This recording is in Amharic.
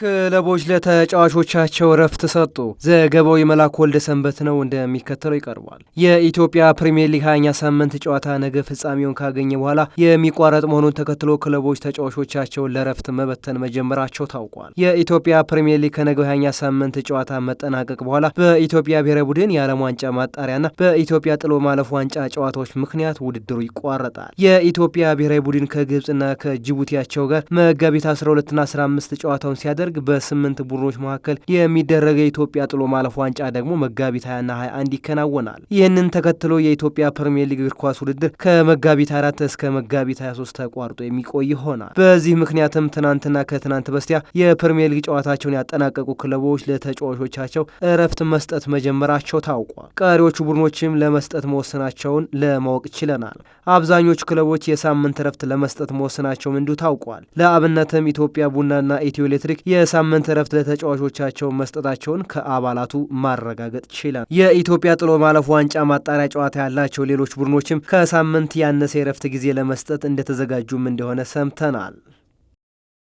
ክለቦች ለተጫዋቾቻቸው እረፍት ሰጡ። ዘገባው የመላኩ ወልደ ሰንበት ነው፣ እንደሚከተለው ይቀርባል። የኢትዮጵያ ፕሪምየር ሊግ ሀያኛ ሳምንት ጨዋታ ነገ ፍጻሜውን ካገኘ በኋላ የሚቋረጥ መሆኑን ተከትሎ ክለቦች ተጫዋቾቻቸውን ለእረፍት መበተን መጀመራቸው ታውቋል። የኢትዮጵያ ፕሪምየር ሊግ ከነገ ሀያኛ ሳምንት ጨዋታ መጠናቀቅ በኋላ በኢትዮጵያ ብሔራዊ ቡድን የዓለም ዋንጫ ማጣሪያና በኢትዮጵያ ጥሎ ማለፍ ዋንጫ ጨዋታዎች ምክንያት ውድድሩ ይቋረጣል። የኢትዮጵያ ብሔራዊ ቡድን ከግብፅና ከጅቡቲያቸው ጋር መጋቢት 12ና 15 ጨዋታውን ሲያደርግ ሲያደርግ በስምንት ቡድኖች መካከል የሚደረገ የኢትዮጵያ ጥሎ ማለፍ ዋንጫ ደግሞ መጋቢት 20 21 ይከናወናል። ይህንን ተከትሎ የኢትዮጵያ ፕሪምየር ሊግ እግር ኳስ ውድድር ከመጋቢት 4 እስከ መጋቢት 23 ተቋርጦ የሚቆይ ይሆናል። በዚህ ምክንያትም ትናንትና ከትናንት በስቲያ የፕሪምየር ሊግ ጨዋታቸውን ያጠናቀቁ ክለቦች ለተጫዋቾቻቸው እረፍት መስጠት መጀመራቸው ታውቋል። ቀሪዎቹ ቡድኖችም ለመስጠት መወሰናቸውን ለማወቅ ችለናል። አብዛኞቹ ክለቦች የሳምንት እረፍት ለመስጠት መወሰናቸውም እንዲሁ ታውቋል። ለአብነትም ኢትዮጵያ ቡናና ኢትዮ ኤሌክትሪክ የሳምንት እረፍት ለተጫዋቾቻቸው መስጠታቸውን ከአባላቱ ማረጋገጥ ችላል። የኢትዮጵያ ጥሎ ማለፍ ዋንጫ ማጣሪያ ጨዋታ ያላቸው ሌሎች ቡድኖችም ከሳምንት ያነሰ የእረፍት ጊዜ ለመስጠት እንደተዘጋጁም እንደሆነ ሰምተናል።